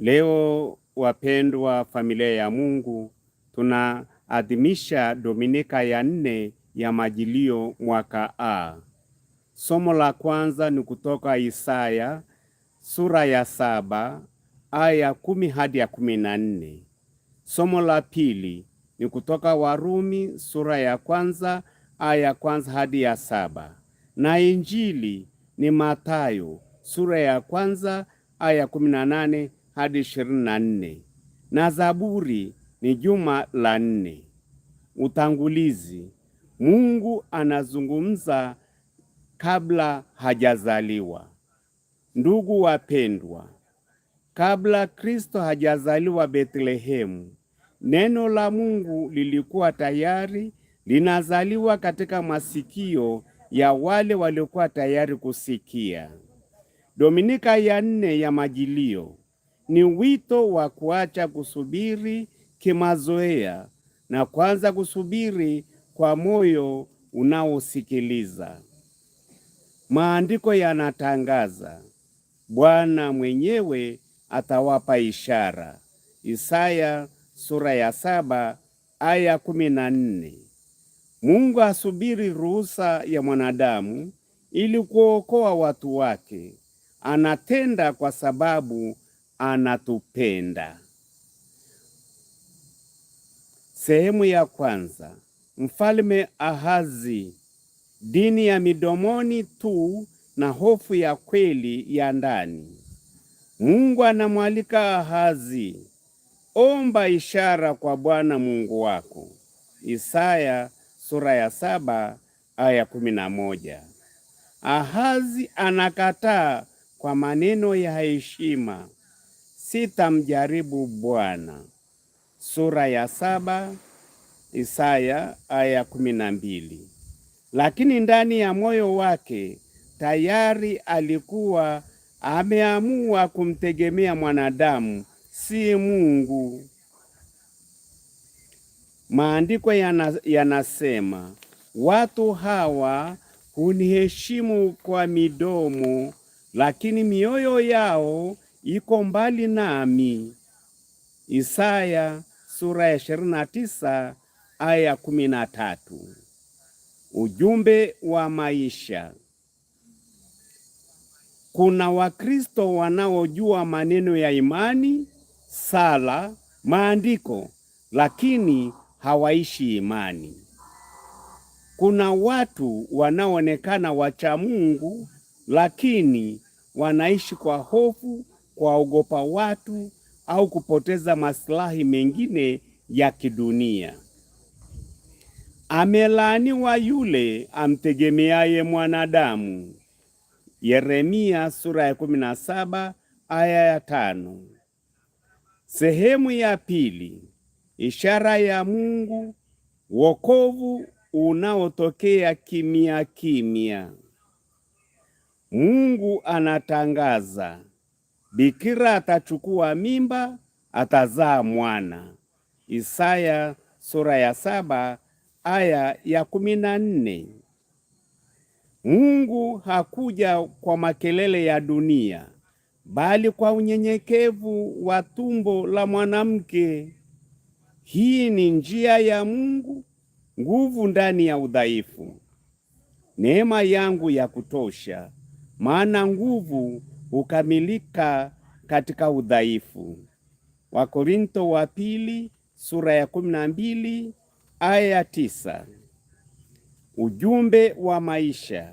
Leo wapendwa, familia ya Mungu, tunaadhimisha Dominika ya nne ya Majilio mwaka A. Somo la kwanza ni kutoka Isaya sura ya saba aya ya kumi hadi ya kumi na nne. Somo la pili ni kutoka Warumi sura ya kwanza aya ya kwanza hadi ya saba, na Injili ni Mathayo sura ya kwanza aya ya kumi na nane hadi ishirini na nne na Zaburi ni juma la nne. Utangulizi. Mungu anazungumza kabla hajazaliwa. Ndugu wapendwa, kabla Kristo hajazaliwa Betlehemu, neno la Mungu lilikuwa tayari linazaliwa katika masikio ya wale waliokuwa tayari kusikia. Dominika ya nne ya Majilio, ni wito wa kuacha kusubiri kimazoea na kuanza kusubiri kwa moyo unaosikiliza. Maandiko yanatangaza, Bwana mwenyewe atawapa ishara. Isaya sura ya saba aya kumi na nne. Mungu asubiri ruhusa ya mwanadamu ili kuokoa watu wake. Anatenda kwa sababu anatupenda. Sehemu ya kwanza. Mfalme Ahazi, dini ya midomoni tu na hofu ya kweli ya ndani. Mungu anamwalika Ahazi, omba ishara kwa Bwana Mungu wako. Isaya sura ya saba aya kumi na moja. Ahazi anakataa kwa maneno ya heshima sitamjaribu Bwana. Sura ya saba Isaya aya kumi na mbili. Lakini ndani ya moyo wake tayari alikuwa ameamua kumtegemea mwanadamu, si Mungu. Maandiko yanasema watu hawa huniheshimu kwa midomo, lakini mioyo yao iko mbali nami. Isaya sura ya 29 aya ya 13. Ujumbe wa maisha. Kuna Wakristo wanaojua maneno ya imani, sala, maandiko lakini hawaishi imani. Kuna watu wanaoonekana wacha Mungu lakini wanaishi kwa hofu kuwaogopa watu au kupoteza maslahi mengine ya kidunia. Amelaaniwa yule amtegemeaye mwanadamu. Yeremia sura ya kumi na saba aya ya tano. Sehemu ya pili: ishara ya Mungu, wokovu unaotokea kimya kimya. Mungu anatangaza bikira atachukua mimba, atazaa mwana. Isaya sura ya saba aya ya kumi na nne. Mungu hakuja kwa makelele ya dunia, bali kwa unyenyekevu wa tumbo la mwanamke. Hii ni njia ya Mungu, nguvu ndani ya udhaifu. Neema yangu ya kutosha, maana nguvu hukamilika katika udhaifu. Wakorinto wa pili sura ya kumi na mbili aya ya tisa. Ujumbe wa maisha: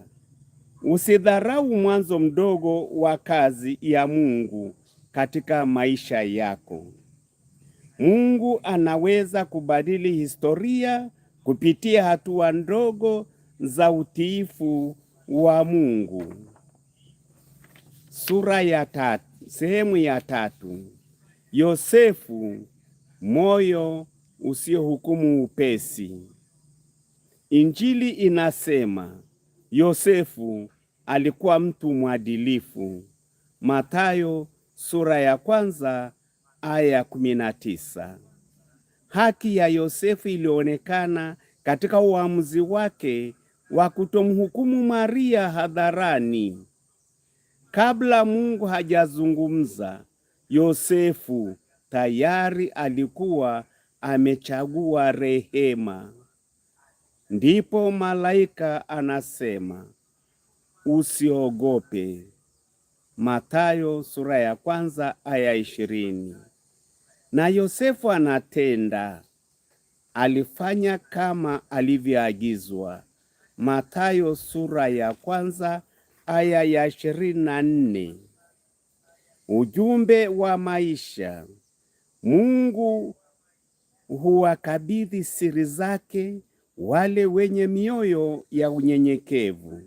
usidharau mwanzo mdogo wa kazi ya Mungu katika maisha yako. Mungu anaweza kubadili historia kupitia hatua ndogo za utiifu wa Mungu sura ya tatu sehemu ya tatu. Yosefu, moyo usiohukumu upesi. Injili inasema Yosefu alikuwa mtu mwadilifu. Mathayo sura ya kwanza aya ya kumi na tisa. Haki ya Yosefu ilionekana katika uamuzi wake wa kutomhukumu Maria hadharani. Kabla Mungu hajazungumza, Yosefu tayari alikuwa amechagua rehema. Ndipo malaika anasema usiogope, Mathayo sura ya kwanza aya ishirini. Na Yosefu anatenda, alifanya kama alivyoagizwa, Mathayo sura ya kwanza aya ya ishirini na nne. Ujumbe wa maisha: Mungu huwakabidhi siri zake wale wenye mioyo ya unyenyekevu.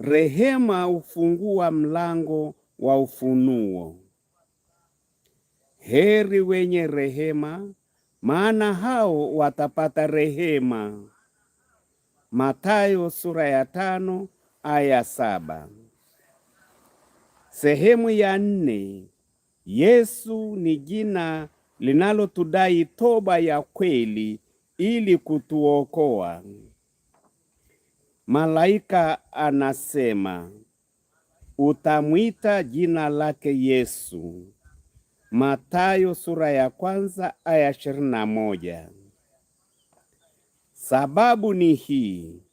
Rehema hufungua mlango wa ufunuo. Heri wenye rehema, maana hao watapata rehema. Mathayo sura ya tano aya saba. Sehemu ya nne. Yesu ni jina linalotudai toba ya kweli ili kutuokoa. Malaika anasema utamwita jina lake Yesu. Mathayo sura ya kwanza aya ishirini na moja. Sababu ni hii: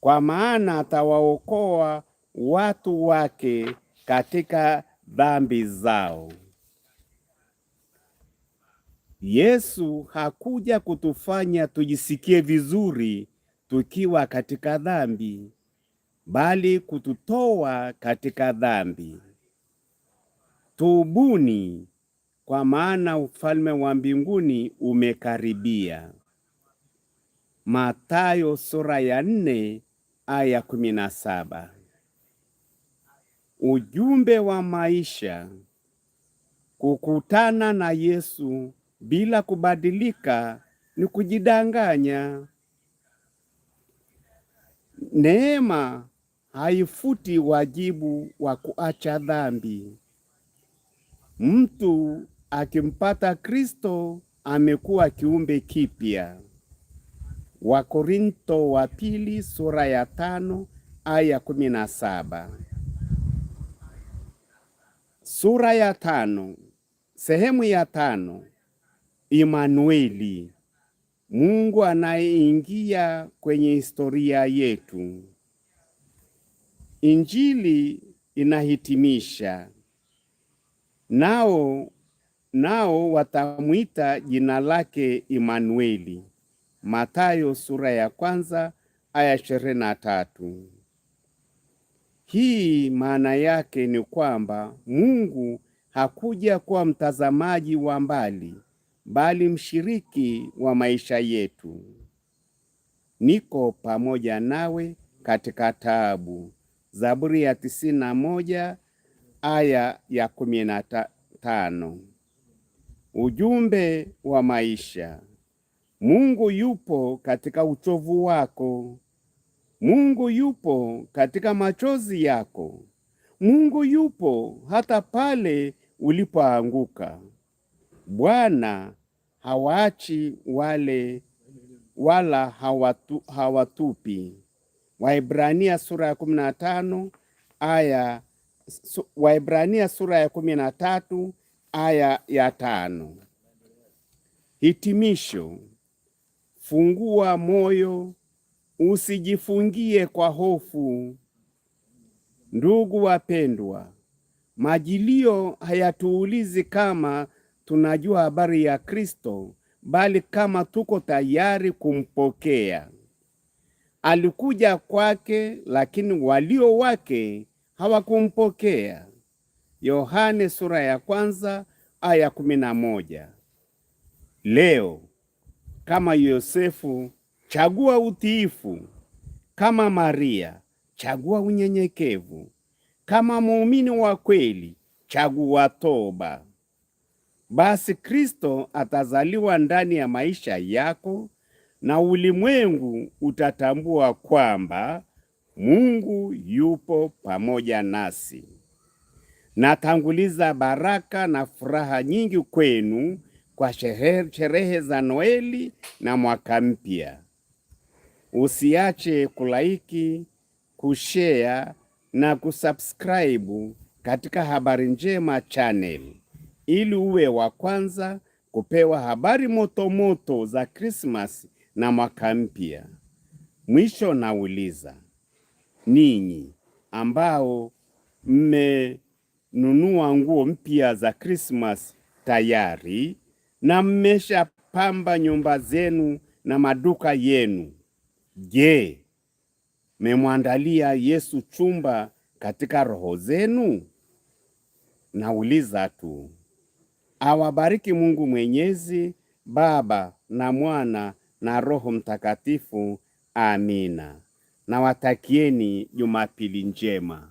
kwa maana atawaokoa watu wake katika dhambi zao. Yesu hakuja kutufanya tujisikie vizuri tukiwa katika dhambi, bali kututoa katika dhambi. Tuubuni, kwa maana ufalme wa mbinguni umekaribia. Mathayo sura ya nne aya kumi na saba. Ujumbe wa maisha: kukutana na Yesu bila kubadilika ni kujidanganya. Neema haifuti wajibu wa kuacha dhambi. Mtu akimpata Kristo amekuwa kiumbe kipya. Wakorintho wa pili sura ya tano aya kumi na saba. Sura ya tano sehemu ya tano. Imanueli, Mungu anayeingia kwenye historia yetu. Injili inahitimisha nao, nao watamwita jina lake Imanueli. Mathayo sura ya kwanza aya ishirini na tatu. Hii maana yake ni kwamba Mungu hakuja kuwa mtazamaji wa mbali, bali mshiriki wa maisha yetu. Niko pamoja nawe katika taabu, Zaburi ya tisini na moja aya ya kumi na tano. Ujumbe wa maisha Mungu yupo katika uchovu wako. Mungu yupo katika machozi yako. Mungu yupo hata pale ulipoanguka. Bwana hawaachi wale wala hawatu, hawatupi. Waibrania sura ya kumi na tano aya su, Waibrania sura ya kumi na tatu aya ya tano. Hitimisho. Fungua moyo, usijifungie kwa hofu. Ndugu wapendwa, majilio hayatuulizi kama tunajua habari ya Kristo, bali kama tuko tayari kumpokea. Alikuja kwake, lakini walio wake hawakumpokea. Yohane sura ya kwanza aya kumi na moja. Leo kama Yosefu, chagua utiifu; kama Maria, chagua unyenyekevu; kama muumini wa kweli, chagua toba. Basi Kristo atazaliwa ndani ya maisha yako na ulimwengu utatambua kwamba Mungu yupo pamoja nasi. Natanguliza baraka na furaha nyingi kwenu kwa sherehe za Noeli na mwaka mpya. Usiache kulaiki, kushea na kusubscribe katika Habari Njema Channel ili uwe wa kwanza kupewa habari moto moto za Krismasi na mwaka mpya. Mwisho nauliza ninyi ambao mmenunua nguo mpya za Krismasi tayari na mmeshapamba nyumba zenu na maduka yenu. Je, memwandalia Yesu chumba katika roho zenu? Nauliza tu. Awabariki Mungu Mwenyezi, Baba na Mwana na Roho Mtakatifu. Amina. Nawatakieni Jumapili njema.